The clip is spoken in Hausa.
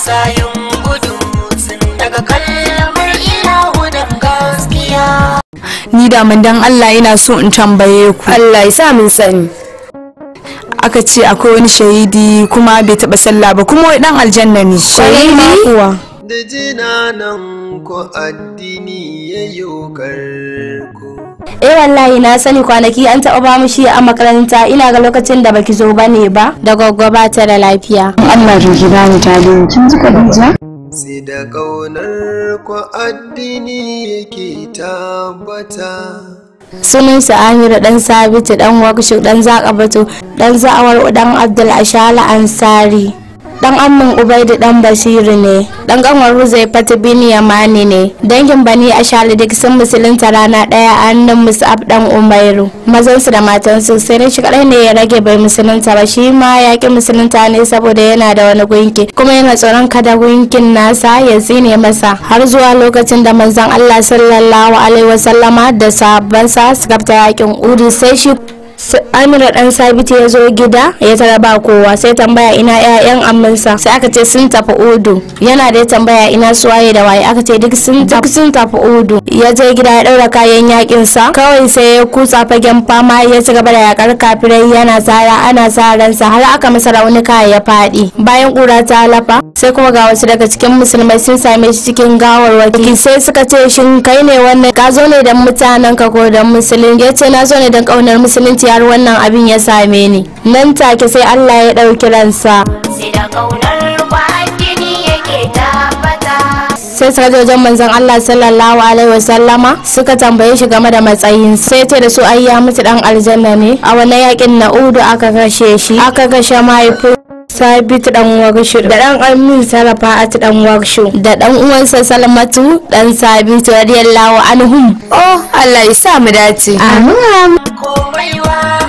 matsayin gudu sun daga kalmar ilahu gaskiya ni da dan Allah ina so in tambaye ku Allah ya sa min sani aka ce akwai wani shahidi kuma bai taɓa sallah ba kuma wai dan aljanna ne shahidi da jinanan ku addini ya ku. Eh wallahi na sani kwanaki an taɓa ba mu shi a makaranta ina ga lokacin da baki zo ba ne ba da gwaggwaba ta da lafiya. Allah ya ba mu ta kin ji Khadija? Sai da ƙaunar ku addini yake tabbata. sunan su amiru dan sabitu dan wakshuk dan zakabato dan za'awar dan abdul ashala ansari dan amin ubaidu dan basiru ne dan kanwar huzai fata ya yamani ne dangin bani a shali duk sun musulunta rana daya a hannun musab dan umairu mazansu da matansu sai na shi kadai ne ya rage bai musulunta ba shi ma ya ki musulunta ne saboda yana da wani gunki kuma yana tsoron kada gunkin nasa ya zine masa har zuwa lokacin da manzon allah sallallahu alaihi wasallama da sahabbansa suka fita yakin udu sai shi amina dan sabiti ya zo gida ya tara ba kowa sai tambaya ina ƴaƴan amminsa sai aka ce sun tafi odo yana da tambaya ina suwaye da waye aka ce duk sun tafi sun tafi odo ya je gida ya daura kayan yakin sa kawai sai ya kutsa fagen fama ya ci gaba da yakar kafirai yana tsara ana tsaran sa har aka masa kai ya faɗi bayan kura ta lafa sai kuma ga wasu daga cikin musulmai sun same shi cikin gawarwaki sai suka ce shin kai ne wannan ka zo ne dan mutanen ka ko dan musulunci ya ce na zo ne dan kaunar musulunci har wannan abin ya same ni nan take sai Allah ya ɗauki ransa sai da kaunar gini sai manzon Allah sallallahu alaihi wasallama suka tambaye shi game da matsayin sai ce da su ai ya mutu dan aljanna ne a wannan yakin na udu aka kashe shi aka kashe mahaifu sabit dan warshu da dan amin sarrafa at dan warshu da dan uwansa salamatu dan sabit radiyallahu anhum oh Allah ya sa mu dace amin rayuwa